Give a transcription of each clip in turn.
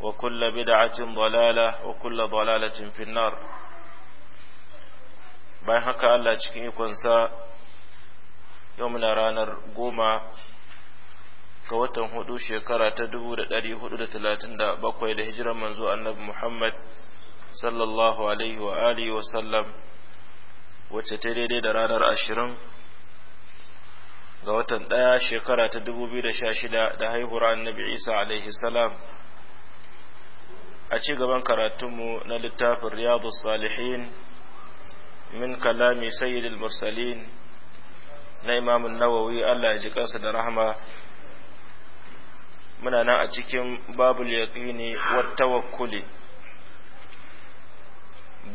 وكل بدعة ضلالة وكل ضلالة في النار bayan haka Allah cikin ikonsa yau muna ranar goma ga watan hudu shekara ta dubu da ɗari hudu da talatin da bakwai da hijirar manzo annabi Muhammad sallallahu alaihi wa alihi wa sallam wacce ta daidai da ranar ashirin ga watan ɗaya shekara ta dubu biyu da sha shida da haihuwar annabi Isa alaihi salam a ci gaban karatunmu na littafin riyadu salihin min kalami sayyidil mursalin na imamun nawawi Allah ya ji kansa da rahama muna nan a cikin babul yaqini wat tawakkuli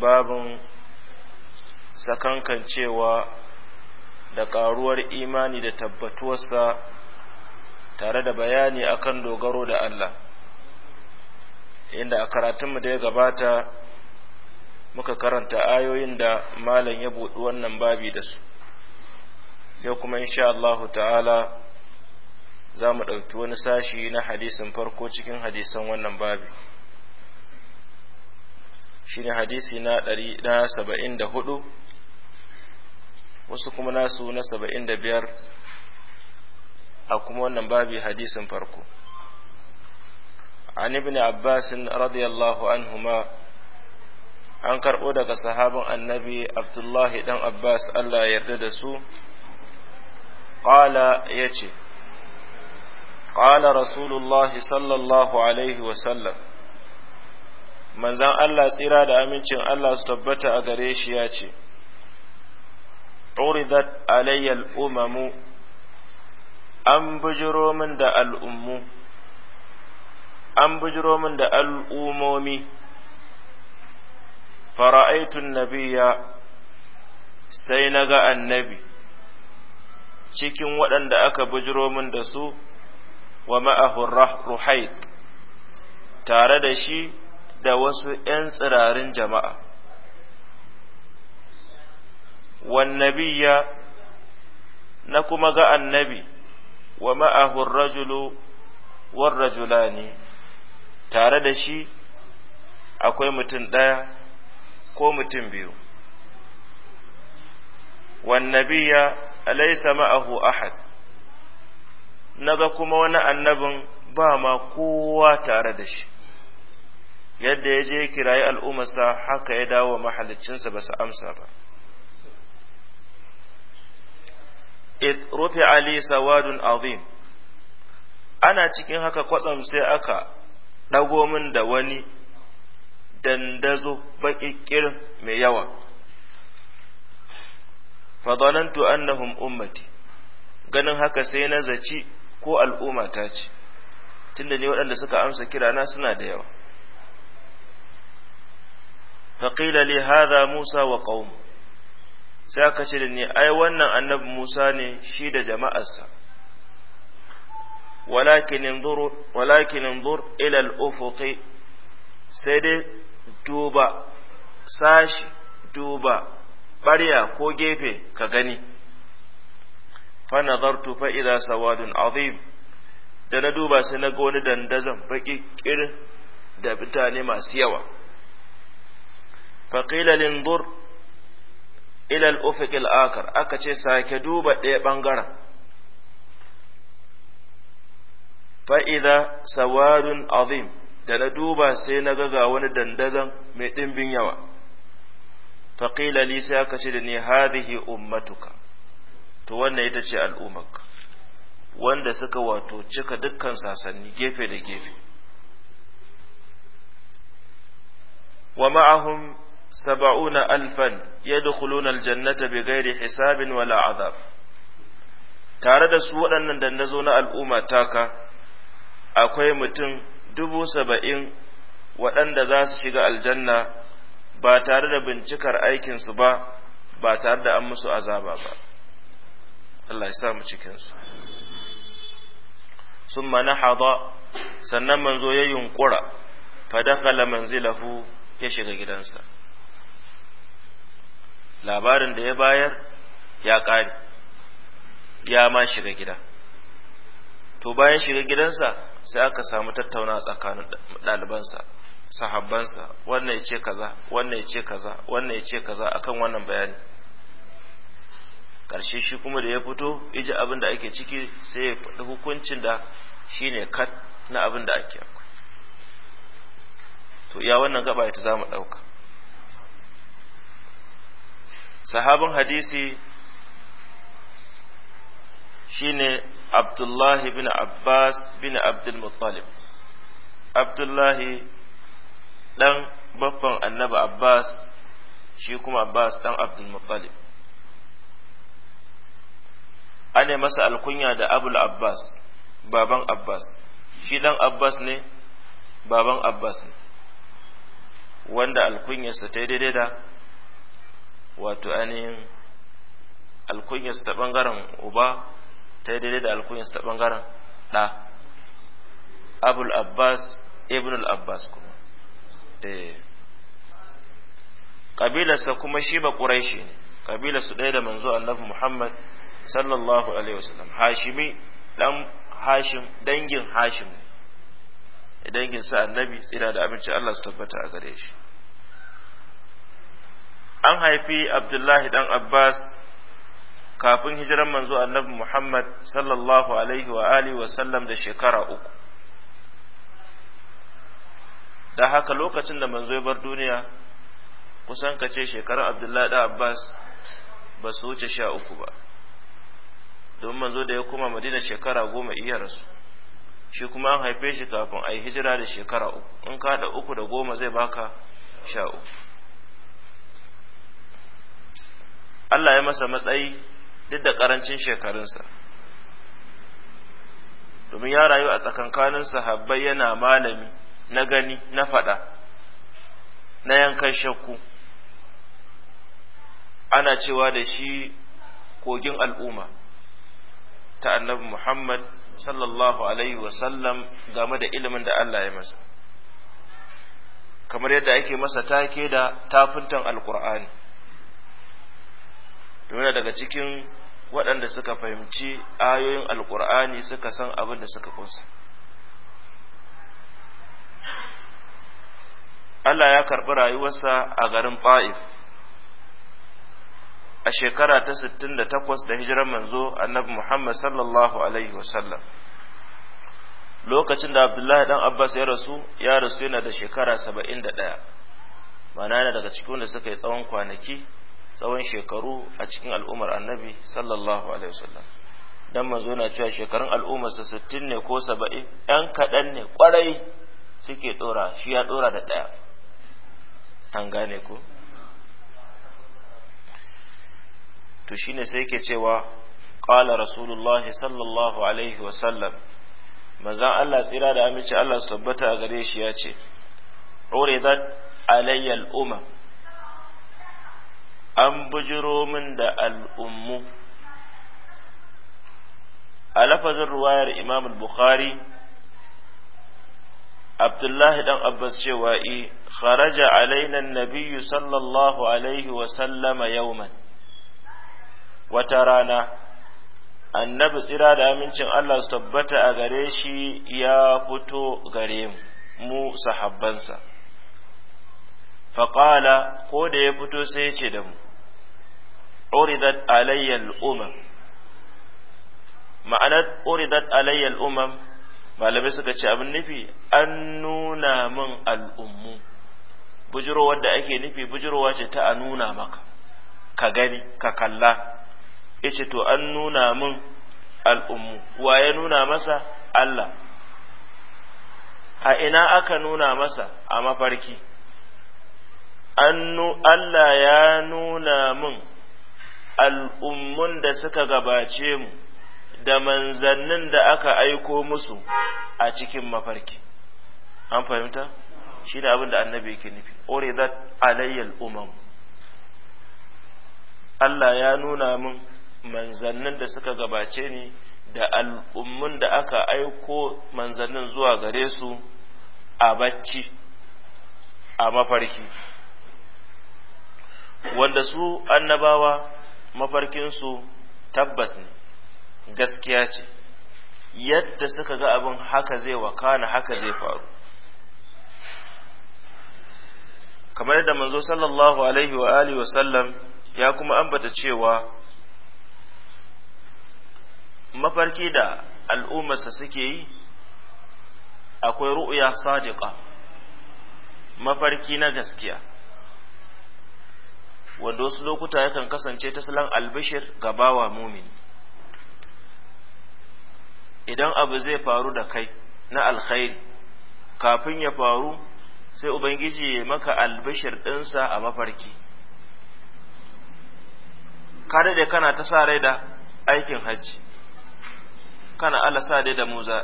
babun sakankan cewa da karuwar imani da tabbatuwarsa tare da bayani akan dogaro da Allah inda a karatunmu da ya gabata muka karanta ayoyin da malam ya buɗi wannan babi da su yau kuma insha Allahu ta'ala za mu ɗauki wani sashi na hadisin farko cikin hadisan wannan babi shi ne hadisi na ɗari saba'in da hudu wasu kuma nasu na saba'in da biyar a kuma wannan babi hadisin farko عن ابن عباس رضي الله عنهما an karɓo daga sahabin annabi abdullahi ɗan abbas allah yarda da su ƙala ya ce ƙala rasulullahi sallallahu alaihi wasallam manzan allah tsira da amincin allah su tabbata a gare shi ya ce uridat alayyal umamu an bujiro min da al'ummu an bujiro min da al'umomi fara'aitun nabiya sai na ga annabi cikin waɗanda aka bujiro min da su wa ma'ahun ruhait tare da shi da wasu ‘yan tsirarin jama'a wannabiya na kuma ga annabi wa ma'ahun rajulu war tare da shi akwai mutum ɗaya ko mutum biyu wannabiya alaisa ma'ahu ahad naga kuma wani annabin ba ma kowa tare da shi yadda ya je kirayi al'ummarsa haka ya dawo mahalicinsa ba su amsa ba rufe ali sawadun azim ana cikin haka kwatsam sai aka ɗago min da wani dandazo baƙiƙir mai yawa fadonantu annahum ummati ganin haka sai na zaci ko al'umma ta ce tunda ne waɗanda suka amsa kirana suna da yawa faƙila li hadha musa wa qaum sai aka ce da ni ai wannan annabi musa ne shi da jama'arsa walakin انظر ولكن انظر الى sai dai sashi duba ɓarya ko gefe ka gani fa nazartu fa idza sawadun azim da na duba sai na ga wani dandazon baki kirin da mutane masu yawa fa qila linzur ila al-ufuq al-akhar aka ce sake duba ɗaya bangaren fa'iza sawadun azim da na duba sai na ga wani dandazon mai ɗimbin yawa faƙila li sai aka ce da ni harihi ummatuka to wannan ita ce al'ummarka wanda suka wato cika dukkan sasanni gefe da gefe wa ma'ahum saba'una alfan yadkhuluna aljannata bighairi hisabin wala azab tare da su waɗannan dandazo na al'umma taka akwai mutum dubu saba'in waɗanda za su shiga aljanna ba tare da bincikar aikinsu ba ba tare da an musu azaba ba Allah ya samu cikinsu sun mana sannan manzo ya yunkura fadakala manzilahu ya shiga gidansa labarin da ya bayar ya ƙare ya ma shiga gida to bayan shiga gidansa sai aka samu tattauna tsakanin ɗalibansa sahabbansa wannan ya ce kaza wannan ya ce kaza wannan ya ce kaza akan wannan bayani ƙarshe shi kuma da ya fito yaji abin da ake ciki sai ya faɗi hukuncin da shi ne kat na abin da ake akwai to ya wannan gaba ita za mu ɗauka sahabin hadisi shine Abdullahi bin Abbas bin Abdul Muttalib Abdullahi dan baffan annabi Abbas shi kuma Abbas dan Abdul Muttalib Ane masa alkunya da Abul Abbas baban Abbas shi dan Abbas ne baban Abbas ne wanda alkunyarsa ta daidai da wato ainihin alkunyarsa ta bangaren uba ta daidai da alkunyarsa ta bangaren ɗa abul abbas ibn al abbas kuma eh. Ƙabilarsa kuma shi ba quraishi ne kabilarsu ɗaya da manzo annabi muhammad sallallahu alaihi wasallam hashimi dan hashim dangin hashim dangin sa annabi tsira da abinci Allah su tabbata a gare shi an haifi abdullahi dan abbas kafin hijiran manzo annabi Muhammad sallallahu alaihi wa alihi wa sallam da shekara uku da haka lokacin da manzo ya bar duniya kusan kace shekarar Abdullahi da Abbas ba su wuce sha uku ba domin manzo da ya koma Madina shekara goma iya rasu shi kuma an haife shi kafin a hijira da shekara uku in ka da uku da goma zai baka sha uku Allah ya masa matsayi duk da karancin shekarunsa domin ya rayu a tsakankanin sahabbai yana malami na gani na faɗa na yankan shakku ana cewa da shi kogin al'umma ta annabi Muhammad sallallahu Alaihi sallam game da ilimin da Allah ya masa kamar yadda ake masa take da tafintan alkur'ani domin daga cikin waɗanda suka fahimci ayoyin alkur'ani suka san abin da suka kunsa Allah ya karɓi rayuwarsa a garin Fa'if a shekara ta 68 da hijirar manzo annabi Muhammad sallallahu Alaihi wasallam lokacin da Abdullahi dan Abbas ya rasu ya rasu yana da shekara 71 mana yana daga cikin da suka yi tsawon kwanaki tsawon shekaru a cikin al'ummar annabi sallallahu alaihi wasallam dan manzo na cewa shekarun al'ummar sa 60 ne ko 70 ɗan kaɗan ne kwarai suke dora shi ya dora da ɗaya an gane ko to shine sai yake cewa qala rasulullahi sallallahu alaihi wasallam manzon Allah tsira da aminci Allah su tabbata a gare shi ya ce uridat alayya al'umma an bujiro min da al'ummu a lafazin ruwayar imam bukhari abdullahi dan abbas cewa i kharaja alaina nabiyyu sallallahu alaihi wasallama yauman wata rana annabi tsira da amincin Allah su tabbata a gare shi ya fito gare mu mu sahabbansa faƙala ko da ya fito sai ya ce da mu uridat alayya al-umam ma'anar uridat alayya al-umam malamai suka ce abin nufi an nuna min al'ummu bujirowar da ake nufi bujirowa ce ta a nuna maka ka gani ka kalla yace to an nuna min al'ummu wa ya nuna masa Allah a ina aka nuna masa a mafarki Allah ya nuna min al'ummun da suka gabace mu da manzannin da aka aiko musu a cikin mafarki an fahimta shi ne abin da annabi yake nufi oridat alayyal umam Allah ya nuna min manzannin da suka gabace ni da al'ummun da aka aiko manzannin zuwa gare su a bacci a mafarki wanda su annabawa mafarkinsu tabbas ne gaskiya ce yadda suka ga abin haka zai wakana haka zai faru kamar da manzo sallallahu alaihi wa alihi wa sallam ya kuma ambata cewa mafarki da al'ummarsa suke yi akwai ru'ya sadiqa mafarki na gaskiya wanda wasu lokuta yakan kasance ta salan albishir ga bawa mumini idan abu zai faru da kai na alkhairi kafin ya faru sai ubangiji ya maka albishir ɗinsa a mafarki kada da kana ta sa rai da aikin hajji kana Allah sa dai da muza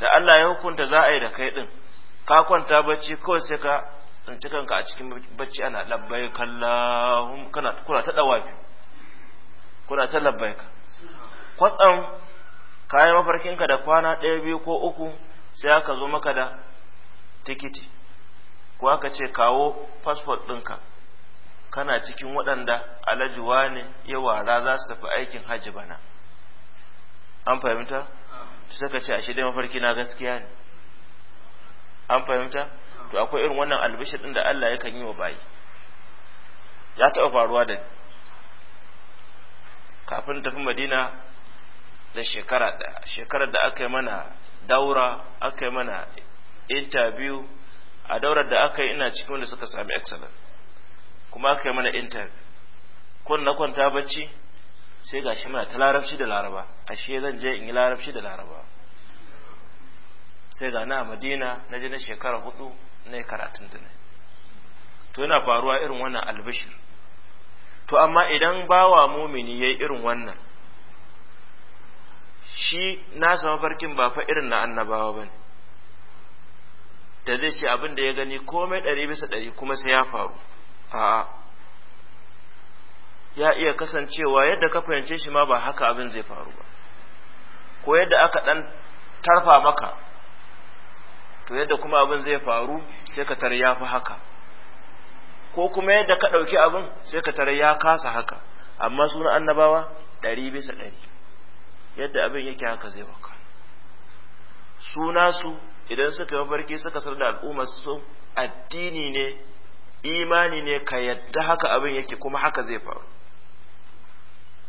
da Allah ya hukunta za a yi da kai ɗin ka kwanta bacci kawai sai ka tsinci kanka a cikin bacci ana labbai kallahum kana kuna ta dawa kuna ta labbai ka kwatsam kayan mafarkinka da kwana ɗaya biyu ko uku sai aka zo maka da tikiti ko aka ce kawo fasfot ɗinka kana cikin waɗanda alajuwa ne ya wara za su tafi aikin hajji bana an fahimta? sai ka ce ashe dai mafarki na gaskiya ne an fahimta? to akwai irin wannan albishir din da Allah yakan yi wa bayi ya taɓa faruwa da ni kafin tafi madina da shekara da shekarar da aka yi mana daura aka yi mana interview a daurar da aka yi ina cikin wanda suka sami excellent kuma aka yi mana interview kun na kwanta bacci sai ga shi muna ta larabci da laraba ashe zan je in yi larabci da laraba sai ga na madina na je na shekara hudu na karatun da to yana faruwa irin wannan albishir to amma idan bawa mumini yayi irin wannan shi nasa mafarkin ba fa irin na annabawa bane da zai ce abin da ya gani komai ɗari bisa ɗari kuma sai ya faru 'a ya iya kasancewa yadda ka fahimce shi ma ba haka abin zai faru ba ko yadda aka ɗan tarfa maka to yadda kuma abin zai faru sai ka tare ya fi haka ko kuma yadda ka ɗauki abin sai ka tare ya kasa haka amma suna annabawa ɗari bisa ɗari yadda abin yake haka zai waka suna su idan suka yi mafarki suka sar da al'ummar su addini ne imani ne ka yadda haka abin yake kuma haka zai faru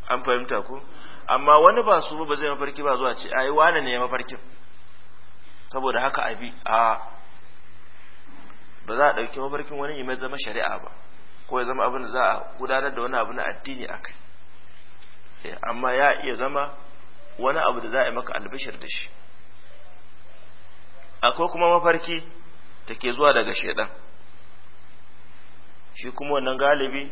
an fahimta ku amma wani ba su ba zai mafarki ba zuwa ce ai wane ne ya mafarkin saboda haka bi a ba za a ɗauki mafarkin wani mai zama shari'a ba ko ya zama abin za a gudanar da wani abu na addini a kai eh, amma ya iya zama wani abu da za a yi maka albishir da shi akwai kuma mafarki da ke zuwa daga shaidan shi kuma wannan galibi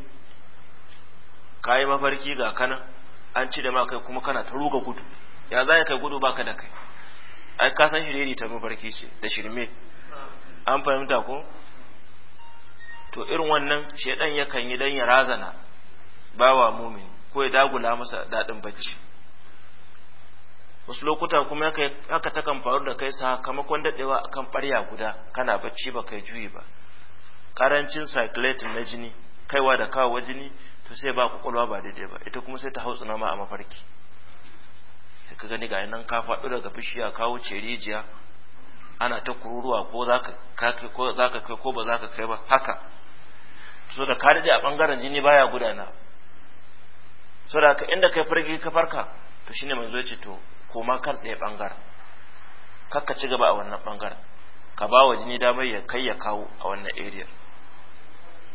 ka yi mafarki ga kana an ci da ma kai kuma kana ta ruga gudu ya za kai gudu baka da kai ai ka san shiriri ta mafarki ce da shirme an fahimta ko to irin wannan shedan yakan yi dan ya razana bawa mumin, ko ya dagula masa dadin bacci wasu lokuta kuma haka kan faru da kai sa, kamakon dadewa akan ɓarya guda kana bacci ba kai juyi ba karancin circulating na jini kaiwa da kawo jini to sai ba kwakwalwa ba daidai ba ita kuma sai ta hautsuna ma a mafarki sai ka gani ga nan ka faɗo daga bishiya ka wuce rijiya ana ta kururuwa ko za ka kai ko ba za ka kai ba haka so da ka a ɓangaren jini baya gudana so da ka inda kai farki ka farka to shine manzo ce to koma kan ɗaya ɓangaren kakka ci gaba a wannan ɓangaren ka ba wa jini damar ya kai ya kawo a wannan area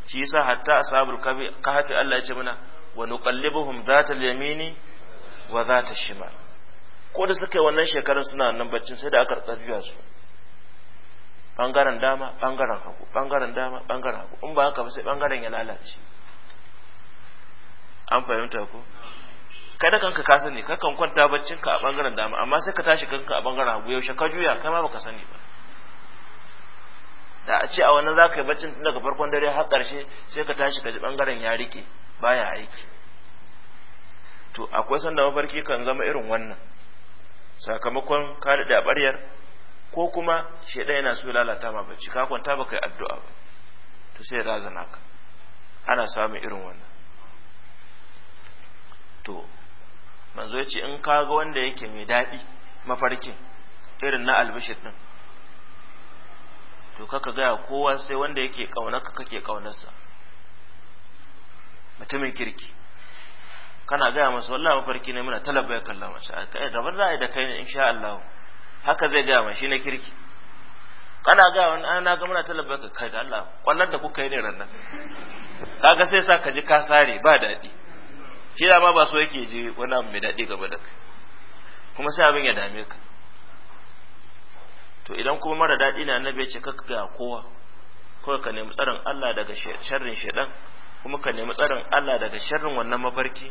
shi yasa hatta ka kahfi Allah ya ce mana wa nuqallibuhum dhatal zata yamini wa dhata shimal ko da suka yi wannan shekarun suna nan baccin sai da aka tsafiya su bangaren dama bangaren hagu bangaren dama bangaren hagu in ba haka ba sai bangaren ya lalace an fahimta ko kada kanka ka sani ka kan kwanta baccin ka a bangaren dama amma sai ka tashi kanka a bangaren hagu yaushe ka juya kai ma baka sani ba da a ce a wannan zaka yi baccin tun daga farkon dare har karshe sai ka tashi ka ji bangaren ya rike baya aiki to akwai sanda mafarki kan zama irin wannan sakamakon ka daɗe a ɓaryar ko kuma shaidan yana so lalata ma bacci ka kwanta baka yi addu'a ba to sai razana ka ana samun irin wannan to manzo ya in ka ga wanda yake mai daɗi mafarkin irin na albishir ɗin to kaka gaya kowa sai wanda yake ƙaunarka kake ƙaunarsa mutumin kirki kana gaya masa wallahi mafarki ne muna talabba ya kalla masa a kai gaban za a yi da kai ne insha Allah haka zai gaya masa shi na kirki kana gaya wani an na ga muna talabba ka kai da Allah kwallar da kuka yi ne ran nan kaga sai sa ka ji ka sare ba daɗi shi da ma ba so yake ji wani abu mai daɗi gaba da kai kuma sai abin ya dame ka to idan kuma mara daɗi na annabi ya ce ka ga kowa kawai ka nemi tsarin Allah daga sharrin shaidan kuma ka nemi tsarin Allah daga sharrin wannan mafarki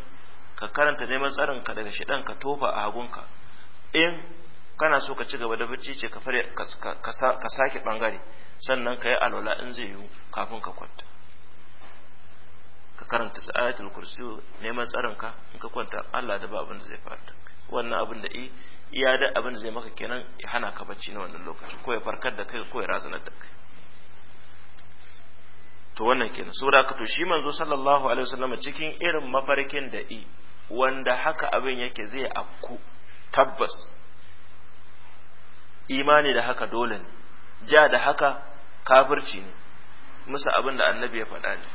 ka karanta neman tsarin ka daga shidan ka tofa a hagunka in kana so ka ci gaba da bacci ce ka fare ka sake bangare sannan ka yi alwala in zai yiwu kafin ka kwanta ka karanta sa'ayatul kursi neman tsarin ka in ka kwanta Allah da ba abin da zai fara wannan abin da iya da abin da zai maka kenan ya hana ka bacci na wannan lokaci ko ya farkar da kai ko ya razanar da kai to wannan kenan saboda haka to shi manzo sallallahu alaihi wasallam cikin irin mafarkin da i wanda haka abin yake zai afku tabbas imani da haka dole ne ja da haka kafirci ne musu abin da annabi ya faɗa ne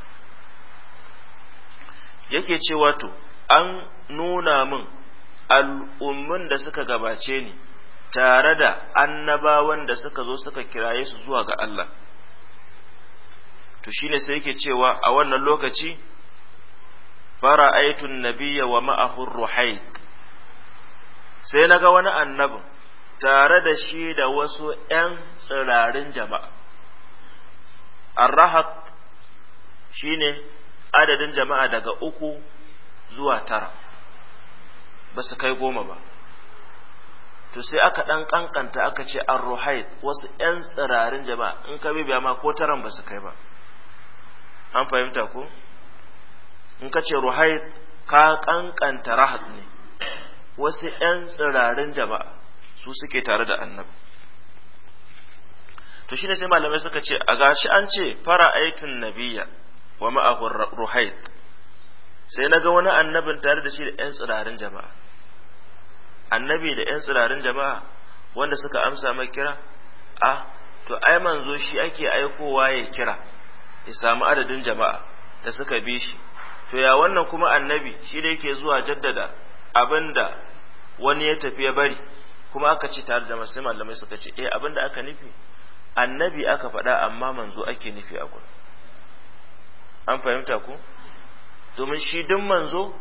yake cewa to an nuna min al'ummin da suka gabace ni tare da annabawan da suka zo suka kiraye su zuwa ga Allah to shine sai yake cewa a wannan lokaci fara'aitu biya wa ma'ahu ruhayt sai ga wani annabin tare da shi da wasu 'yan tsirarin jama'a shi shine adadin jama'a daga uku zuwa tara ba su kai goma ba to sai aka ɗan ƙanƙanta aka ce an wasu 'yan tsirarin jama'a in ka bibiya ma ko taran ba su kai ba an fahimta ko in ka ce ruhaid ka kankanta rahat ne wasu 'yan tsirarin jama'a su suke tare da annabi to shine sai malamai suka ce a gashi an ce fara aitun nabiya wa ma'ahun ruhaid sai na ga wani annabin tare da shi da 'yan tsirarin jama'a annabi da 'yan tsirarin jama'a wanda suka amsa mai kira a to ai manzo shi ake aikowa ya kira ya samu adadin jama'a da suka bi shi to ya wannan kuma annabi shi da yake zuwa jaddada abinda wani ya tafi ya bari kuma aka ce tare da masu malamai suka ce eh abinda aka nufi annabi aka faɗa amma manzo ake nufi a gurin an fahimta ku domin shi duk manzo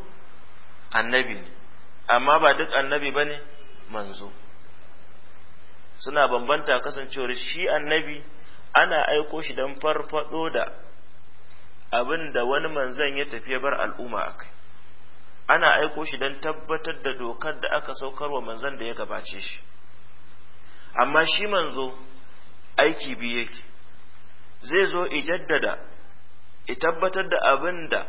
annabi ne amma ba duk annabi ba ne manzo suna bambanta kasancewar shi annabi ana aiko shi don farfado da abin da wani manzan ya tafi ya bar al'umma a kai ana aiko shi don tabbatar da dokar da aka saukar wa manzan da ya gabace shi amma shi manzo aiki biyu yake zai zo ijaddada i tabbatar da abin da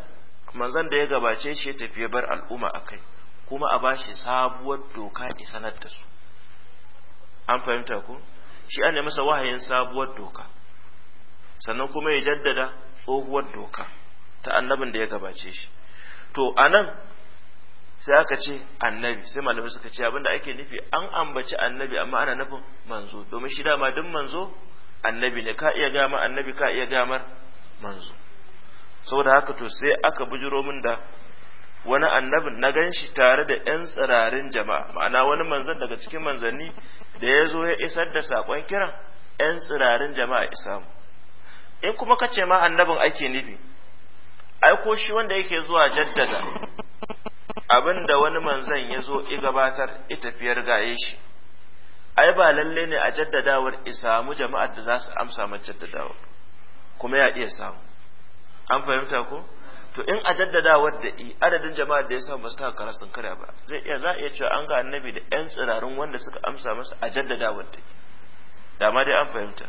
manzan da ya gabace shi ya tafi ya bar al'umma a kai kuma a bashi sabuwar doka i sanar da su an fahimta ku shi an masa wahayin sabuwar doka sannan kuma ya jaddada tsohuwar doka ta annabin da ya gabace shi to anan sai aka ce annabi sai malamai suka ce abinda ake nufi an ambaci annabi amma ana nufin manzo domin shi dama duk manzo annabi ne ka iya gama annabi ka iya gamar manzo saboda haka to sai aka bujuro min da wani annabin na ganshi tare da 'yan tsirarin jama'a ma'ana wani manzan daga cikin manzanni da ya zo ya isar da sakon kiran 'yan tsirarin jama'a isamu in kuma ka ce ma annabin ake nufi aiko shi wanda yake zuwa jaddada abin da wani manzan ya zo i gabatar i tafiyar gaye shi ai ba lalle ne a jaddadawar isamu jama'ar da za su amsa ma jaddadawar kuma ya iya samu an fahimta ko to in a jaddadawar da i adadin jama'ar da ya samu su taka sun karya ba zai iya za a iya cewa an ga annabi da yan tsirarin wanda suka amsa masa a jaddadawar da da ma dai an fahimta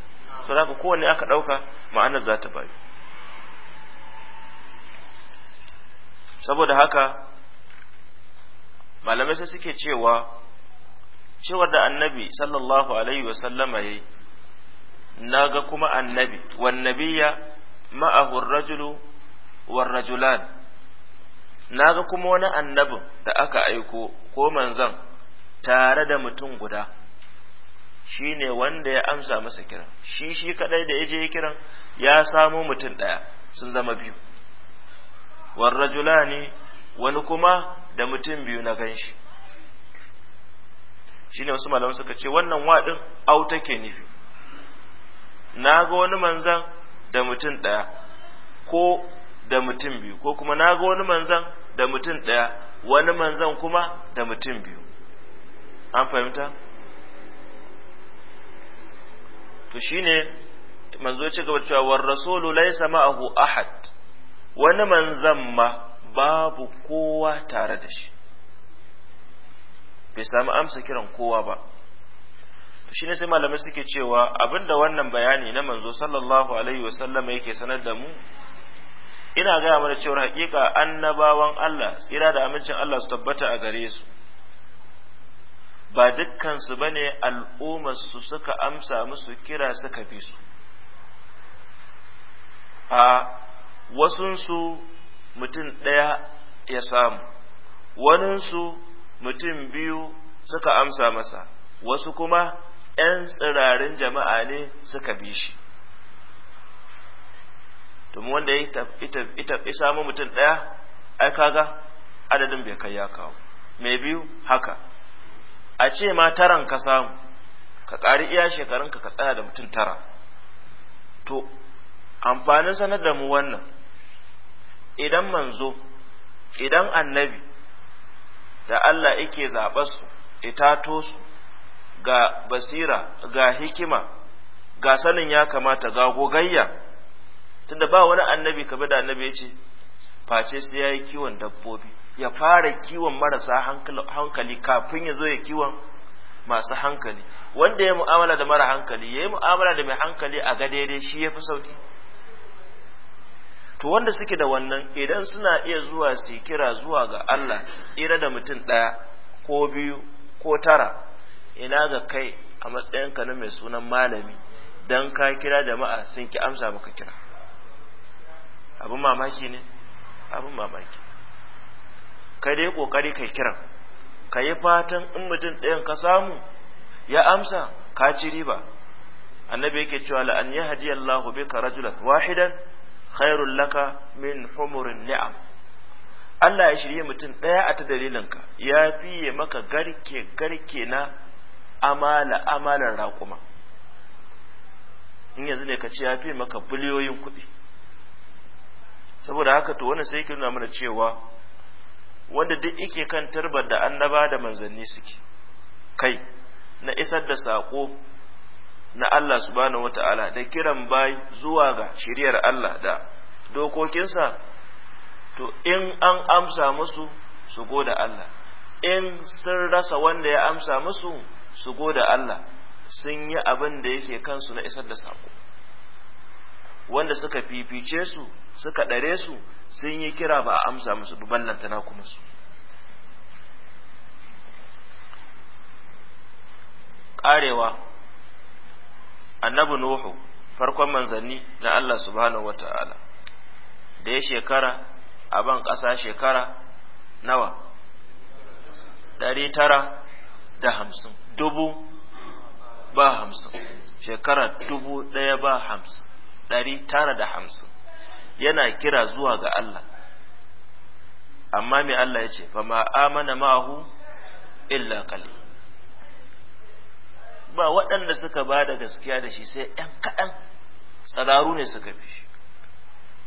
so ko wanne aka dauka ma'anar za ta bayu saboda haka malamai sai suke cewa cewar da annabi sallallahu alaihi wa sallama na ga kuma annabi wan nabiyya ma'ahu rajulu war rajulan naga kuma wani annabin da aka aiko ko manzon tare da mutum guda Shi ne wanda ya amsa masa kiran shi shi kadai da ya ya kiran ya samo mutum daya sun zama biyu warrajulani wani kuma da mutum biyu na ganshi ne wasu malamu suka ce wannan waɗin au ke nufi na ga wani manzan da mutum daya ko da mutum biyu ko kuma na ga wani manzan da mutum daya wani manzan kuma da mutum biyu an fahimta to shine manzo ya ci gaba cewa war rasulu laysa ma'ahu ahad wani manzan ma babu kowa tare da shi bai samu amsa kiran kowa ba to shine sai malamai suke cewa abinda wannan bayani na manzo sallallahu alaihi wasallam yake sanar da mu ina gaya mana cewa hakika annabawan Allah tsira da amincin Allah su tabbata a gare su ba dukkansu ba ne su suka amsa musu kira suka bi su a wasunsu mutum ɗaya ya samu waninsu mutum biyu suka amsa masa wasu kuma ‘yan tsirarin jama'a ne suka bi shi domin wanda ya samu mutum ɗaya ai kaga adadin bai kai ya kawo mai biyu haka a ce ma taran ka samu ka ƙari iya shekarunka ka tsaya da mutum tara to amfanin sanar da mu wannan idan manzo idan annabi da Allah yake su itato su ga basira ga hikima ga sanin ya kamata ga gogayya tunda ba wani annabi kabe da annabi ya ce face sai ya yi kiwon dabbobi ya fara kiwon marasa hankali kafin ya zo ya kiwon masu hankali wanda ya mu'amala da mara hankali ya yi mu'amala da mai hankali a ga daidai shi ya fi sauki to wanda suke da wannan idan suna iya zuwa su kira zuwa ga Allah tsira da mutum ɗaya ko biyu ko tara ina ga kai a matsayinka na mai sunan malami don ka kira jama'a sun ki amsa maka kira abin mamaki ne abin mamaki Ka dai kokari kai kiran ka yi fatan in mutum ɗayan ka samu ya amsa ka ci riba annabi yake cewa la an yahdi Allahu bika rajulan wahidan khairul laka min humurin ni'am Allah ya shirye mutum ɗaya a ta dalilinka ya fiye maka garke garke na amala amalan raƙuma in yanzu ne ka ce ya fiye maka biliyoyin kuɗi saboda haka to wani sai ke nuna mana cewa wanda duk yake kan tarbar da annaba da manzanni suke kai na isar da saƙo na Allah subhanahu wata'ala da kiran bai zuwa ga shiryar Allah da dokokinsa to in an amsa musu su goda Allah in sun rasa wanda ya amsa musu su goda Allah sun yi abin da yake kansu na isar da saƙo wanda suka fifice su suka ɗare su sun yi kira ba a amsa musu ballanta na kuma su ƙarewa annabi nuhu farkon manzanni na Allah subhanahu wata'ala da ya shekara a ban ƙasa shekara nawa ɗari tara da hamsin dubu ba hamsin shekara dubu ɗaya ba hamsin ɗari tara da hamsin yana kira zuwa ga Allah amma mai Allah ya ce fa ma amana ma'ahu illa kali ba waɗanda suka ba da gaskiya da shi sai ‘yan kaɗan tsararu ne suka bi shi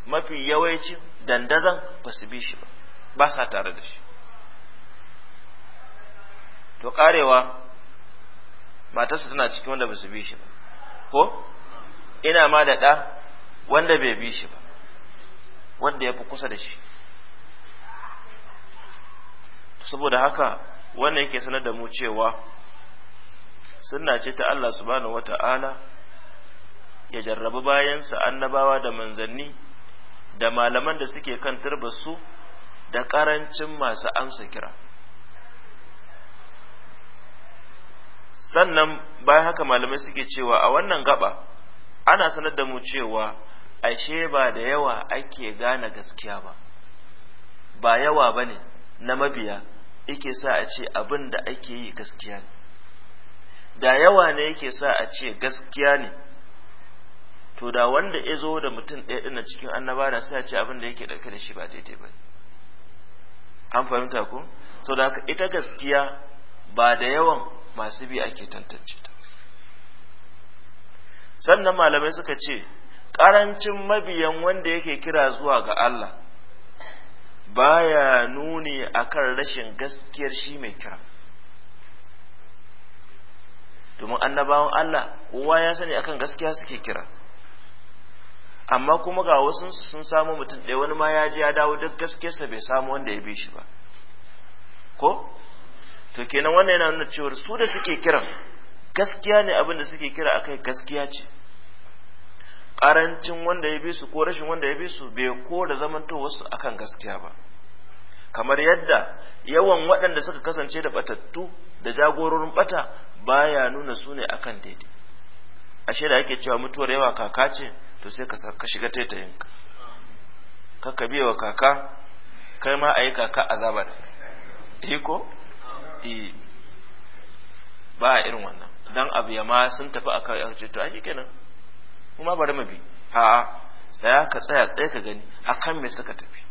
mafi yawanci dandazan ba su bi shi ba ba sa tare da shi to ƙarewa matarsa tana cikin wanda ba su bi shi ba ko ina ma da ɗa wanda bai bi shi ba wanda ya fi kusa da shi saboda haka wannan yake sanar da mu cewa sunna ce ta Allah subhanahu wata'ala ya jarrabi bayansa annabawa da manzanni da malaman da suke kan su da ƙarancin masu amsa kira sannan bayan haka malamai suke cewa a wannan gaba ana sanar da mu cewa ashe ba da yawa ake gane gaskiya ba ba yawa ba ne na mabiya yake sa a ce abin da ake yi gaskiya ne da yawa ne yake sa a ce gaskiya ne to da wanda ya zo da mutum ɗaya ɗin cikin annaba da sai a ce abin da yake ɗauke da shi ba daidai ba an fahimta ko to da ita gaskiya ba da yawan masu bi ake tantance ta sannan malamai suka ce ƙarancin mabiyan wanda yake kira zuwa ga Allah baya nuni akan rashin gaskiyar shi mai kira domin annabawan Allah kowa ya sani akan gaskiya suke kira amma kuma ga wasu sun samu mutum ɗaya wani ma ya ji ya dawo duk gaskiyarsa bai samu wanda ya bi shi ba ko to kenan wannan yana nuna cewa su da suke kiran gaskiya ne abin da suke kira akai gaskiya ce ƙarancin wanda ya bi su ko rashin wanda ya bi su bai ko da zamantowarsu akan gaskiya ba kamar yadda yawan waɗanda suka kasance da batattu da jagororin bata baya nuna su ne akan daidai ashe da ake cewa mutuwar yawa kaka ce to sai ka shiga ka kaka biya kaka kai ma a yi kaka azabar iko eh eh. ba a irin wannan dan abu ya ma sun tafi a kawai ce to shi kenan kuma bari mu bi a'a tsaya ka tsaya tsaye ka gani akan me suka tafi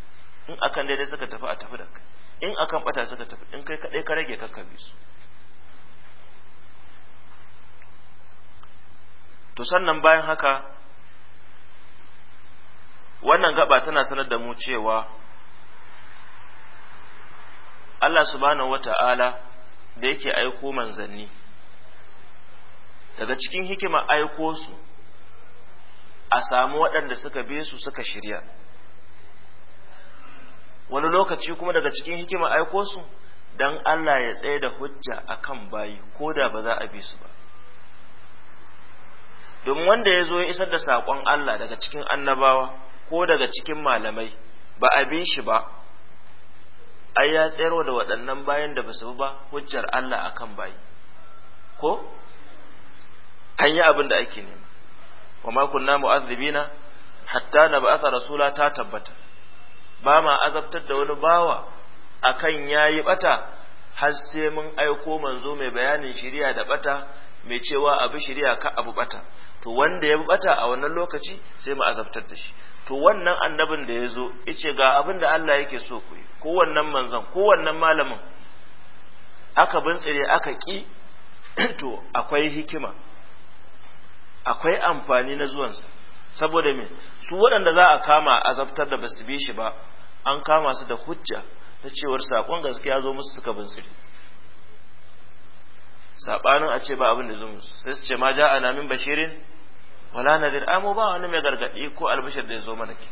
in akan daidai suka tafi a tafi da kai in akan bata suka tafi in kai kadai ka rage kanka bi su to sannan bayan haka wannan gaba tana sanar da mu cewa Allah subhanahu wata'ala da yake aiko manzanni daga cikin hikima aiko su a samu waɗanda suka be su suka shirya wani lokaci kuma daga cikin hikimar aiko su don Allah ya tsaye da hujja akan bayi ko da ba za a bi su ba Don wanda ya zo ya isar da saƙon Allah daga cikin annabawa ko daga cikin malamai ba a bi shi ba ai ya tsayarwa da waɗannan bayan da ba su ba hujjar Allah akan bayi ko an yi abin da ake nema wa ma kunna mu'azzibina hatta na ba'atha rasula ta tabbata ba ma azabtar da wani bawa a akan yayi bata har sai mun aiko manzo mai bayanin shari'a da bata mai cewa abu shari'a ka abu bata to wanda ya bata a wannan lokaci sai mu azabtar da shi to wannan annabin da ya zo yace ga abin da Allah yake so ku yi ko wannan manzon ko wannan malamin aka bintsire aka ki to akwai hikima akwai amfani na zuwansa saboda me su waɗanda za a kama azabtar da basu bi shi ba an kama su da hujja ta cewar sakon gaskiya zo musu suka binsiri sabanin a ce ba abin da zo musu sai su ce ma ja'a na min bashirin wala nadir amo ah, ba wani mai gargadi ko albashir da ya zo mana ki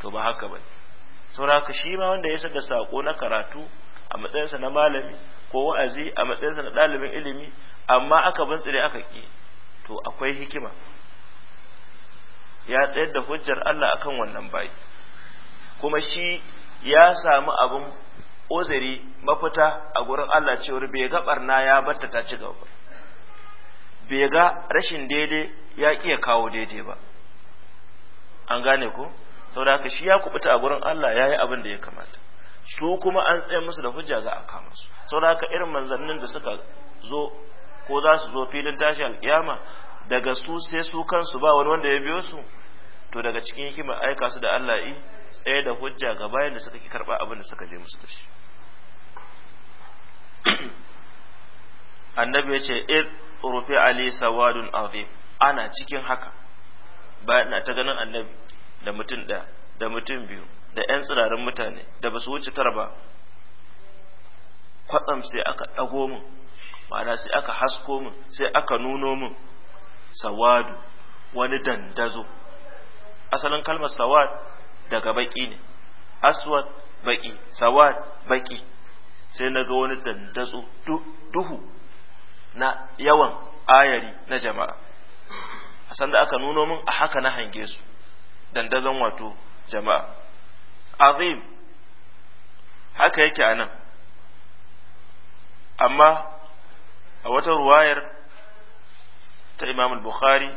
to ba haka ba ka shi ma wanda ya saka sako na karatu a matsayinsa na malami ko wa'azi a matsayinsa na ɗalibin ilimi amma aka bintsire aka ki to akwai hikima ya tsayar da hujjar Allah akan wannan bai kuma shi ya samu abin ozari mafita a gurin Allah cewar bai ga barna ya batta ta ci gaba bai ga rashin daidai ya iya kawo daidai ba an gane ko saboda haka shi ya kubuta a gurin Allah yayi abin da ya kamata su kuma an tsaye musu da hujja za a kama su saboda haka irin manzannin da suka zo ko za su zo filin tashi alkiyama daga su sai su kansu ba wani wanda ya biyo su to daga cikin hikimar aika su da Allah yi tsaye da hujja ga bayan da suka ki karba abin da suka je musu da shi annabi ya ce id rufi ali sawadun azim ana cikin haka bayan ta ganin annabi da mutum ɗaya da mutum biyu da yan tsirarin mutane da ba su wuce tara ba kwatsam sai aka ɗago mu ma'ana sai aka hasko min sai aka nuno min sawadu wani dandazo asalin kalmar sawad daga baki ne aswad baki sawad baki sai na ga wani dandazo duhu na yawan ayari na jama'a a sanda aka nuno min a haka na hange su dandazon wato jama'a azim haka yake a nan amma a wata ruwayar ta imam bukhari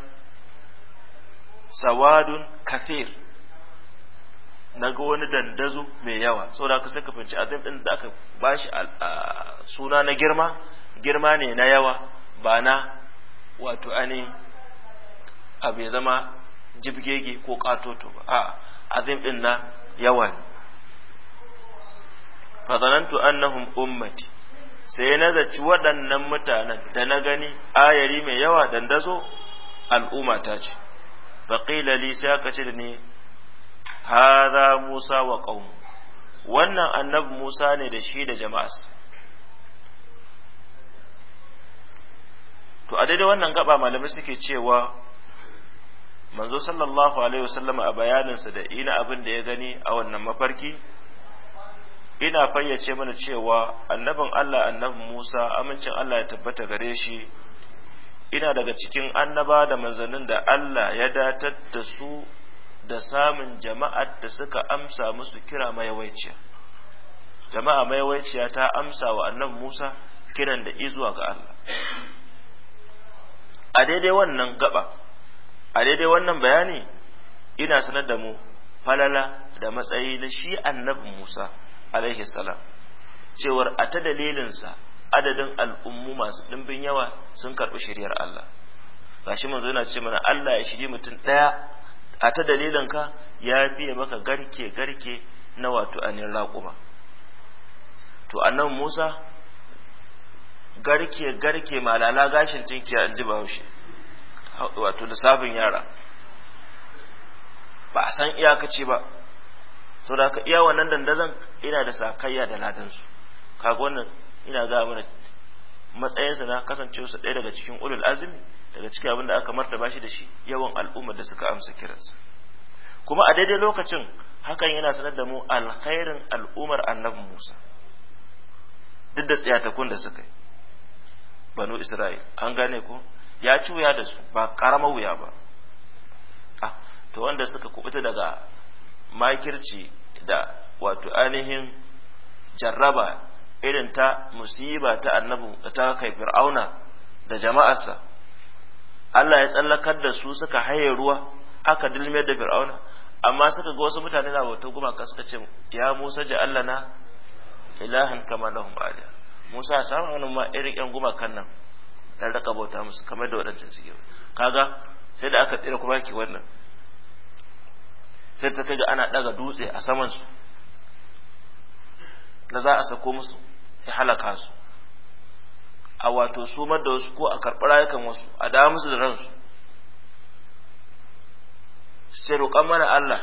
sawadun kafir na ga wani dandazo mai yawa saboda ka saka fanci azim din da aka bashi suna na girma girma ne na yawa ba na wato ainihin abu ya zama jibgege ko katoto ba a azim din na yawa ne fa zanantu annahum ummati sai na zaci waɗannan mutanen da na gani ayari mai yawa dandazo al'umma ta ce faƙila li sai aka ce da ni haza musa wa ƙaunu wannan annabi musa ne da shi da jama'as to a daidai wannan gaba malamai suke cewa manzo sallallahu alaihi wasallama a bayaninsa da ina abin da ya gani a wannan mafarki ina fayyace mana cewa annabin Allah annabin Musa amincin Allah ya tabbata gare shi ina daga cikin annaba da manzannin da Allah ya datar da su da samun jama'ar da suka amsa musu kira mayawaiciya jama'a mayawaiciya ta amsa wa annabin Musa kiran da izuwa ga Allah a daidai wannan gaba a daidai wannan bayani ina sanar da mu falala da matsayi na shi annabin Musa alaihi salam cewar a ta dalilinsa adadin al'ummu masu ɗimbin yawa sun karɓi shiriyar Allah gashi manzo yana ce mana Allah ya shiri mutum ɗaya a ta dalilin ka ya fiye maka garke garke na wato anin raƙuma to annan Musa garke garke malala gashin tinkiya in ji bahaushe wato lissafin yara ba a san iyakaci ba so da iya wannan dandazon ina da sakayya da ladansu kaga wannan ina ga mana matsayinsa na su ɗaya daga cikin ulul azumi daga cikin abin da aka martaba shi da shi yawan al'ummar da suka amsa kiransa kuma a daidai lokacin hakan yana sanar da mu alkhairin al'ummar annabi Musa duk da tsiyatakun da suka yi banu Isra'il an gane ko ya ci wuya da su ba ƙaramar wuya ba ah, to wanda suka kubuta daga makirci da wato ainihin jarraba irin ta musiba ta da ta kai fir'auna da jama'arsa Allah ya tsallakar da su suka haye ruwa aka dilme da fir'auna amma suka ga wasu mutane na bautar gumaka suka ce ya Musa ji Allah na ilahan kama lahum aliya Musa samu wannan ma irin yan gumakan nan dan raka bauta musu kamar da waɗancan suke kaga sai da aka tsira kuma ke wannan sai ta kai ana daga dutse a saman su da za a sako musu ya halaka su a wato sumar da wasu ko a karɓi rayukan wasu a dawo musu da ransu sai roƙon mana Allah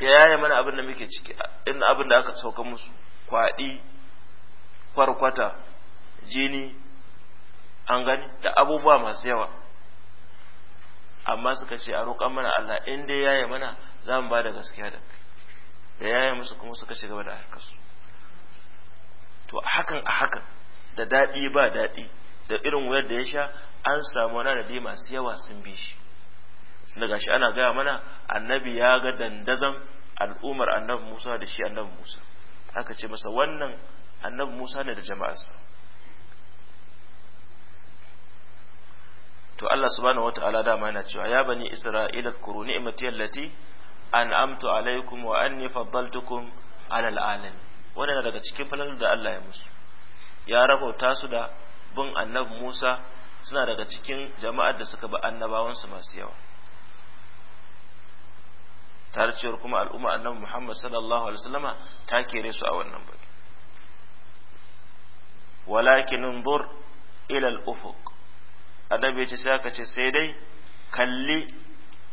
ya yaya mana abin da muke ciki in abin da aka sauka musu kwaɗi kwarkwata jini an gani da abubuwa masu yawa amma suka ce a roƙon mana Allah in dai yaya mana za mu ba da gaskiya da kai da yaya musu kuma suka shiga gaba da harkarsu to a hakan a hakan da daɗi ba daɗi da irin wuyar da ya sha an samu wani adadi masu yawa sun bi shi sun gashi ana gaya mana annabi ya ga dandazon al'ummar annabi musa da shi annabi musa aka ce masa wannan annabi musa ne da jama'arsa to Allah subhanahu wata'ala dama yana cewa ya bani isra'ila kuruni imati allati an'amtu alaikum wa anni faddaltukum alal alamin wannan daga cikin falal da Allah ya musu ya rabauta su da bin annabi Musa suna daga cikin jama'ar da suka bi annabawansu masu yawa tarciyar kuma al'umma annabi Muhammad sallallahu alaihi wasallama ta kere su a wannan baki walakin unzur ila al-ufuq adabi ce sai ka ce sai dai kalli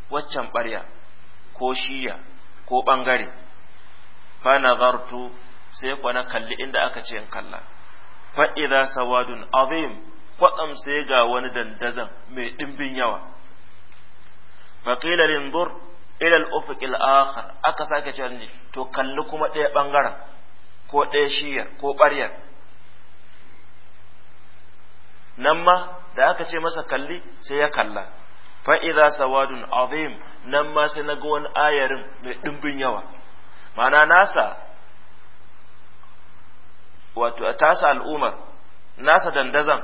waccan ɓarya ko shiya ko bangare fa nazartu sai kwana kalli inda aka ce in kalla fa idza sawadun azim kwatsam sai ga wani dandazan mai dimbin yawa fa qila linzur ila al-ufuq al-akhar aka sake ce ne to kalli kuma ɗaya bangaren ko ɗaya shiyar ko ɓaryar nan ma da aka ce masa kalli sai ya kalla fa'iza sawadun azim nan ma sai na ga wani ayarin mai ɗimbin yawa mana nasa wato tasa al'umar nasa dandazan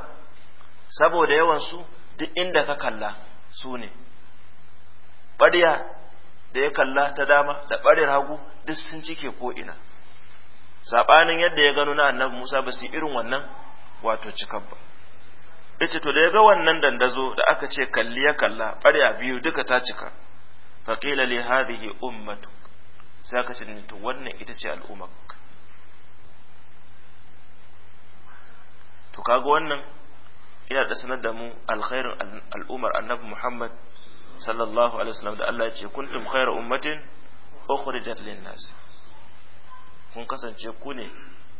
saboda yawansu duk inda ka kalla su ne ɓarya da ya kalla ta dama da ɓaryar hagu duk sun cike ko'ina saɓanin yadda ya gano na annabi musa ba su irin wannan wato cikabba ba yace to da yaga ga wannan dandazo da aka ce kalli ya kalla a biyu duka ta cika faqila li hadhihi ummatu sai aka ce to wannan ita ce al'ummar to kaga wannan ina da sanar da mu alkhairin al'ummar annabi Muhammad sallallahu alaihi wasallam da Allah ya ce kuntum khairu ummatin ukhrijat lin nas kun kasance ku ne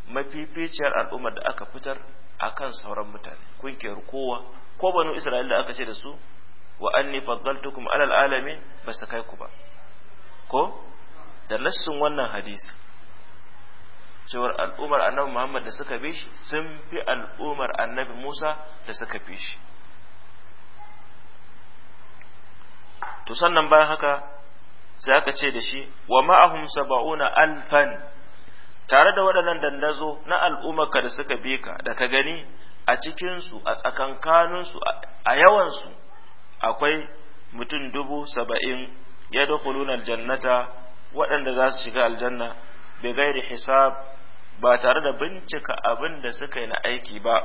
mafificiyar al'ummar da aka fitar akan sauran mutane kun kowa ko banu isra'ila aka ce da su wa anni faddaltukum alal alamin ba su kai ku ba ko da nassin wannan hadisi cewar al'ummar annabi Muhammad da suka bi shi sun fi al'ummar annabi Musa da suka fi shi to sannan bayan haka sai aka ce da shi wa ma'ahum sab'una alfan tare da waɗannan dandazo na al'ummarka da suka bi ka da ka gani a cikinsu a tsakankaninsu a yawansu akwai mutum dubu saba'in ya dukulun aljannata waɗanda za su shiga aljanna bai gairi hisab ba tare da bincika abin da suka yi na aiki ba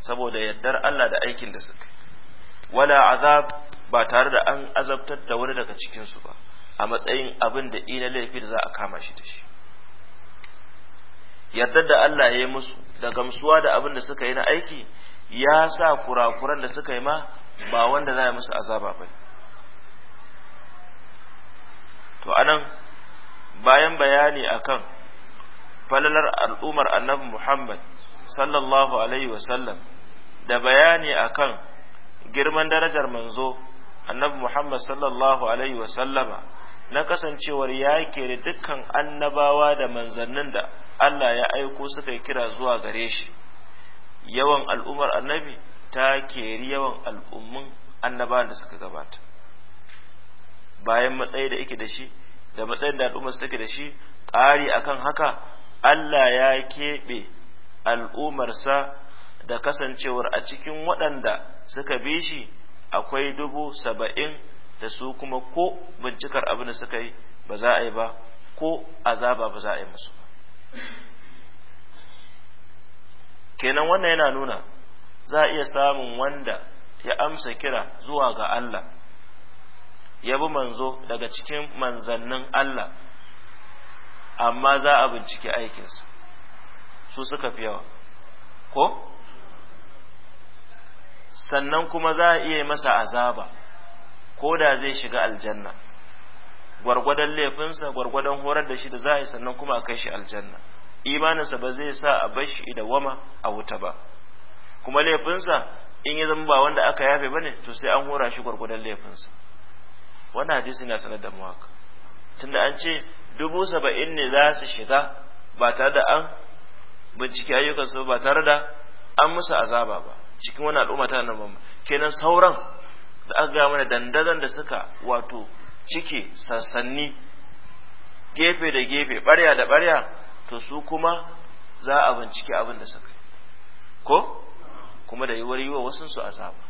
saboda yardar Allah da aikin da suka wala azab ba tare da an azabtar da wani daga cikinsu ba a matsayin abin da ina laifi da za a kama shi da shi yardar da Allah ya yi musu da gamsuwa da abin da suka yi na aiki ya sa kurakuran da suka yi ma ba wanda za a musu azaba ba to anan bayan bayani akan falalar al'ummar annabi Muhammad sallallahu alaihi wasallam da bayani akan girman darajar manzo annabi Muhammad sallallahu alaihi wasallama na kasancewar ya da dukkan annabawa da manzannin da Allah ya aiko suka yi kira zuwa gare shi yawan al'ummar annabi ta keri yawan al'ummin annabawan da suka gabata bayan matsayi da yake da shi da matsayin da al'ummar suke da shi ƙari akan haka Allah ya keɓe al'ummarsa da kasancewar a cikin waɗanda suka bi shi akwai dubu saba'in da su kuma ko bincikar abin da suka yi ba za a yi ba ko azaba ba za a yi musu kenan wannan yana nuna za a iya samun wanda ya amsa kira zuwa ga Allah ya bi manzo daga cikin manzannin Allah amma za a binciki aikinsa su suka fi yawa ko sannan kuma za a iya masa azaba ko da zai shiga aljanna gwargwadon laifinsa gwargwadon horar da shi da za a yi sannan kuma a kai shi aljanna imaninsa ba zai sa a bar shi da wama a wuta ba kuma laifinsa in ya zama ba wanda aka yafe ba ne to sai an hora shi gwargwadon laifinsa wannan hadisi na sanar da mu haka tunda an ce dubu saba'in ne za su shiga ba tare da an bincike ayyukan ayyukansu ba tare da an musu azaba ba cikin wani al'umma ta nan kenan sauran da aka ga mana dandazon da suka wato ciki sassanni gefe da gefe ɓarya da barya to su kuma za a bincike abin da suka ko kuma da yiwuwar yiwa wasu su azaba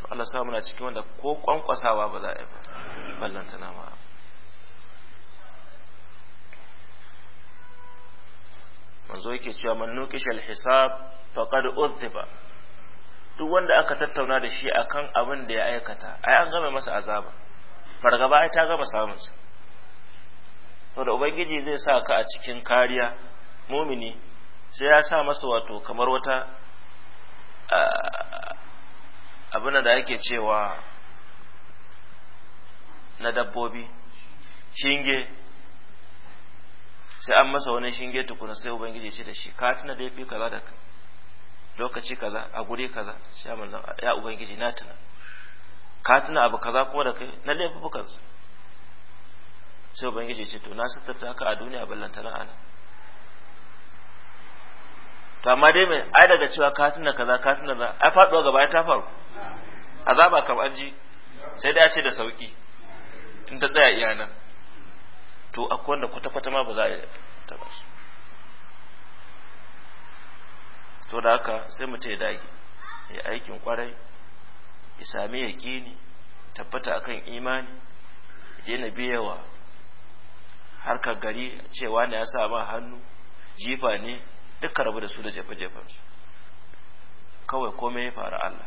to Allah samu na cikin wanda ko kwankwasawa ba za a yi ba ballanta na ma manzo yake cewa man nuqish al-hisab faqad udhiba duk wanda aka tattauna da shi akan abin da ya aikata ai an gama masa azaba fargaba ai ta gama samun sa da ubangiji zai sa ka a cikin kariya mumini sai ya sa masa wato kamar wata abin da ake cewa na dabbobi shinge sai an masa wani shinge tukuna sai ubangiji ce da shi ka tuna da ya kaza da kai lokaci kaza a guri kaza sha manzon ya ubangiji na tuna ka tuna abu kaza kuma da kai na laifukan su sai ubangiji ce to na sattarta ka a duniya ballantana ana to amma dai mai ai daga cewa ka tuna kaza ka tuna za ai faduwa gaba ta faru azaba kam an ji sai dai a ce da sauki in ta tsaya iyana to akwai wanda kwata-kwata ma ba za a yi ta ba su to da haka sai mutum ya dage ya aikin kwarai ya sami yaƙini tabbata akan imani je na biyawa harkar gari cewa na ya sa ba hannu jifa ne duka rabu da su da jefa-jefan su. kawai komai ya fara Allah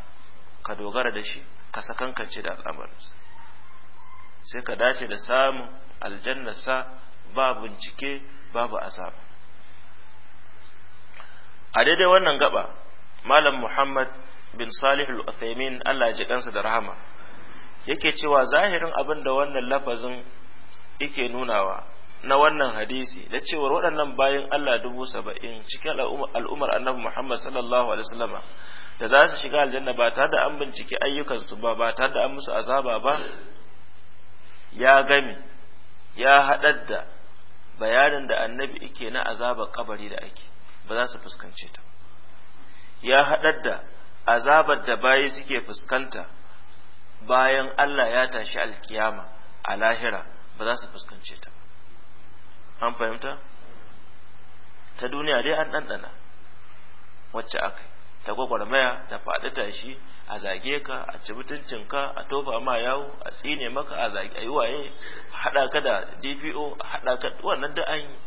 ka dogara da shi ka sakankance da al'amarinsa sai ka dace da samun sa ba bincike babu azaba a daidai wannan gaba malam muhammad bin salih al-uthaymin Allah ji kansa da rahama yake cewa zahirin abin da wannan lafazin yake nunawa na wannan hadisi da cewa waɗannan bayan Allah dubu saba'in cikin al'umar annabi Muhammad sallallahu alaihi wasallama da za su shiga aljanna ba tare da an bincike ayyukansu ba ba tare da an musu azaba ba ya gami ya haɗar da bayanin da annabi yake na azabar kabari da ake ba za su fuskance ta ya haɗar da azabar da bayi suke fuskanta bayan Allah ya tashi alkiyama a lahira ba za su fuskance ta an fahimta ta duniya dai an ɗanɗana wacce aka ta gwagwarmaya ta faɗi tashi a zage ka a ci ka a tofa ma yawo a tsine maka a zage a yi waye haɗa ka da dpo haɗa ka wannan da an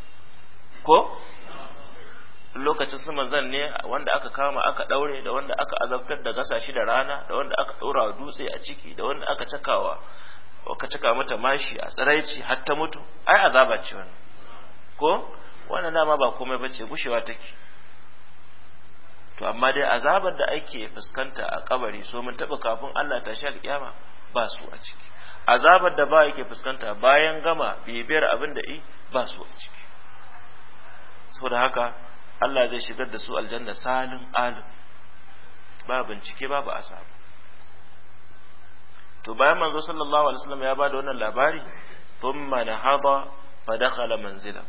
ko lokacin su manzan ne wanda aka kama aka daure da wanda aka azabtar da gasa shi da rana da wanda aka dora dutse a ciki da wanda aka cakawa aka cika mata mashi a tsiraici har ta mutu ai azaba ce wannan ko wannan dama ba komai bace gushewa take to amma dai azabar da ake fuskanta a kabari so mun taba kafin Allah ta shi alkiyama ba su a ciki azabar da ba yake fuskanta bayan gama bibiyar abin da yi ba su a ciki saboda haka Allah zai shigar da su aljanna salin alim ba bincike babu asabu to bayan manzo sallallahu alaihi wasallam ya bada wannan labari thumma nahada fa dakhala manzila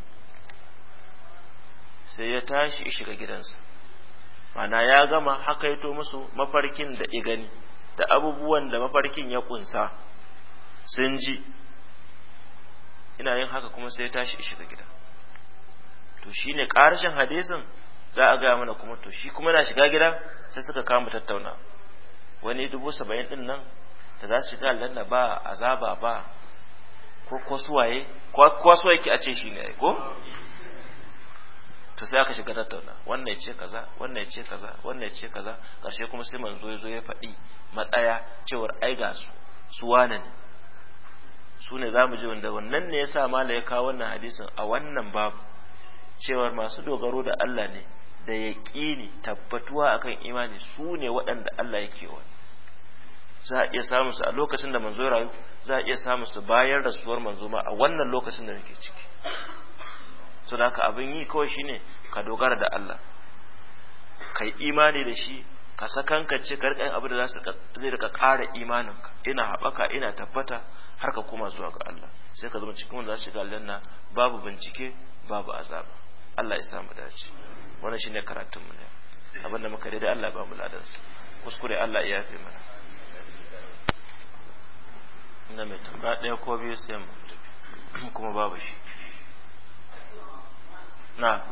sai ya tashi shiga gidansa mana ya gama haka hakaito musu mafarkin da igani da abubuwan da mafarkin ya kunsa sun ji ina yin haka kuma sai ya tashi shiga gidansa to shine karshen hadisin za a gaya mana kuma to shi kuma na shiga gida sai suka kama tattauna wani dubu saba'in din nan da za su shiga aljanna ba azaba ba ko kwasuwaye kwasuwaye ki a ce shi ne ko to sai aka shiga tattauna wannan ya ce kaza wannan ya ce kaza wannan ya ce kaza ƙarshe kuma sai manzo ya zo ya faɗi matsaya cewar ai ga su su wane ne su ne za mu ji wanda wannan ne ya sa mala ya kawo wannan hadisin a wannan babu cewar masu dogaro da Allah ne da yaƙini tabbatuwa akan imani su ne waɗanda Allah ya kewa za a iya samun su a lokacin da manzo rayu za a iya samun su bayan rasuwar manzo ma a wannan lokacin da nake ciki so da abin yi kawai shine ka dogara da Allah kai imani da shi ka sakanka ce ka rika abu da zai rika ƙara imaninka ina haɓaka ina tabbata har ka koma zuwa ga Allah sai ka zama cikin wanda za shiga aljanna babu bincike babu azaba Allah ya samu dace wannan shine karatun mu ne abinda muka daidai Allah ba mu ladan su kuskure Allah ya yafe mana ina mai tamba ɗaya ko biyu sai mu kuma babu shi na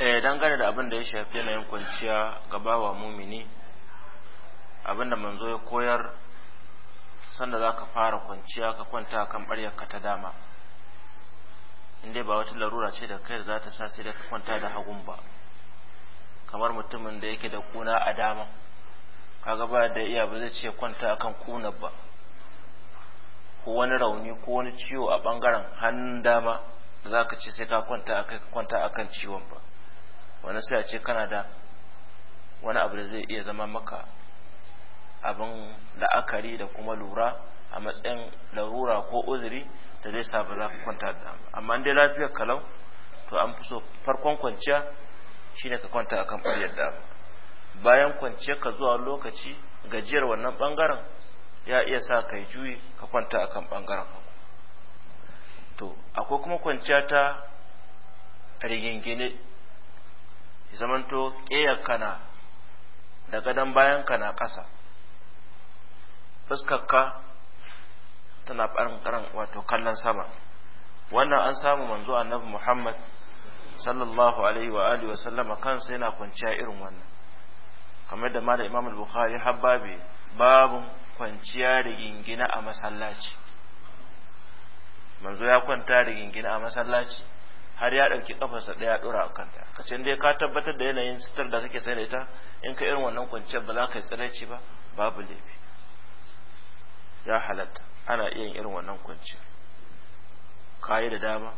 eh dangane da abin da ya shafi yanayin kwanciya ga bawa mumini abinda manzo ya koyar sanda za ka fara kwanciya ka kwanta kan ɓaryarka ta dama inda ba wata larura ce da kai da za ta sa sai da ka kwanta da hagun ba kamar mutumin da yake da kuna a dama kaga ba da iya ba zai ce kwanta akan kunar ba ko wani rauni ko wani ciwo a ɓangaren hannun dama za ka ce sai ka kwanta akan ciwon ba wani sai a ce kana da wani abu da zai iya zama maka abin la'akari da kuma lura a matsayin larura ko uzuri da zai sa ba kwanta da amma dai lafiyar kalau to an fi so farkon kwanciya shine ka kwanta akan ɓaryar da bayan kwanciya ka zuwa lokaci gajiyar wannan ɓangaren ya iya sa kai juyi ka kwanta akan ɓangaren to akwai kuma kwanciya ta rigingine ya zamanto ƙeyarka na da gadon bayan ka na ƙasa fuskarka tana ɓarin wato kallon sama wannan an samu manzo annabi muhammad sallallahu alaihi wa alihi wa sallama kansa yana kwanciya irin wannan kamar da malam imam al-bukhari habbabi babun kwanciya da gingina a masallaci manzo ya kwanta da gingina a masallaci har ya ɗauki kafarsa ɗaya ɗora a kanta ka ka tabbatar da yanayin sitar da kake sanya ita in ka irin wannan kwanciyar ba za ka yi tsiraici ba babu laifi ya halatta ana iya yin irin wannan kwanciyar ka yi da dama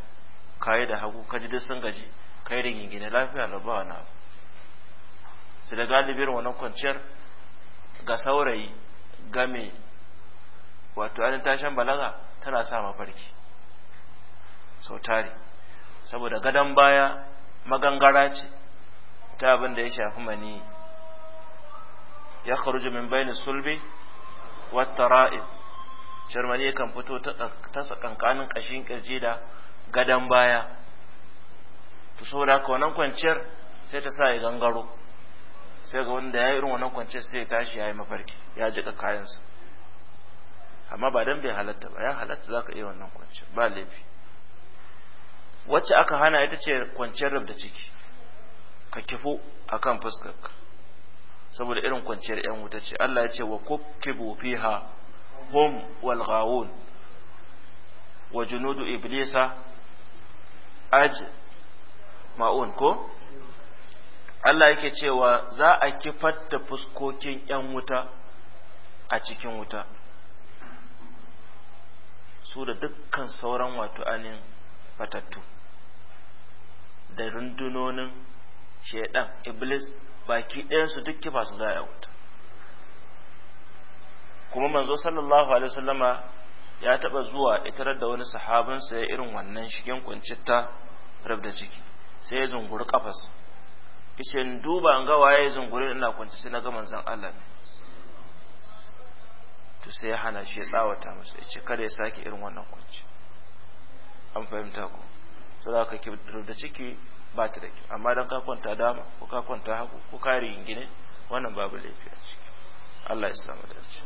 ka yi da hagu ka ji duk sun gaji ka yi gingine lafiya da ba wani abu su da irin wannan kwanciyar ga saurayi game wato ainihin tashin balaga tana sa mafarki sau tari saboda gadon baya magangara ce ta abin da ya shafi mani ya kharuju min bayni sulbi wata tara'id sharmani kan fito ta tsakankanin ƙashin ƙirji da gadon baya to saboda ka wannan kwanciyar sai ta sa ya gangaro sai ga wanda ya yi irin wannan kwanciyar sai ya tashi ya yi mafarki ya jika kayansa amma ba dan bai halatta ba ya halatta za ka iya wannan kwanciyar ba laifi wacce aka hana ita ce kwanciyar rabda ciki ka kifo akan fuskarka saboda irin kwanciyar yan wuta ce Allah ya ce wa kukkibu fiha hum wal ghawun wa junudu iblisa aj ma'un ko Allah yake cewa za a kifar da fuskokin yan wuta a cikin wuta su da dukkan sauran wato anin fatattu da rundunonin shaidan iblis baki ɗayansu dukki ba su za a wuta kuma manzo sallallahu alaihi wasallama ya taɓa zuwa itarar da wani sahabinsa ya irin wannan shigen kuncitta rabda ciki sai ya zunguri kafas ice duba an gawa ya zunguri ina kwanci sai na ga manzon Allah to sai ya hana shi ya tsawata masa ya ce kada ya sake irin wannan kwanci an fahimta ku so da ka da ciki ba ta da amma dan ka kwanta dama ko ka kwanta hagu ko ka rigingine wannan babu laifi a ciki Allah ya samu dace